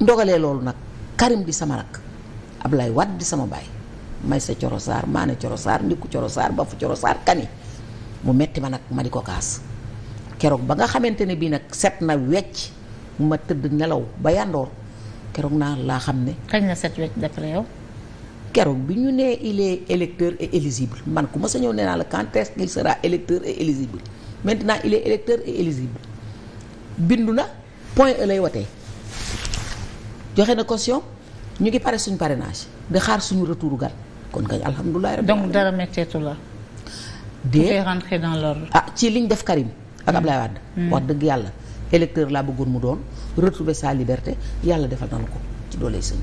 ndogalee loolu nag Karim di sama ab lay Wade di sama baay may sa Coro Sarr maane Coro Sarr ndikku Coro Sarr ba Coro Sarr kani mu metti ma nag ma di ko kaas keroog ba nga xamante ne bii nag set na wecc ma tëdd nelaw ba yàndoor keroog naa laa xam ne. kañ na set wecc d'après yow. keroog bi ñu nee il est électeur et éligible man ku ma sa ñëw nee naa la quand est-ce qu'il sera électeur et éligible maintenant il électeur et éligible bindu na point e lay watee joxe na caution ñu ngi pare suñu parrainage di xaar suñu retour gan kon kañ alhamdulilah rabbil donc dara metteetu la. de rentrer dans l'ordre ah ci liñ def Karim ak hmm. Ablaye Wade. Hmm. wax dëgg yàlla électeur laa bëggoon mu doon retrouver sa liberté yàlla defal nañu ko ci doole sëñ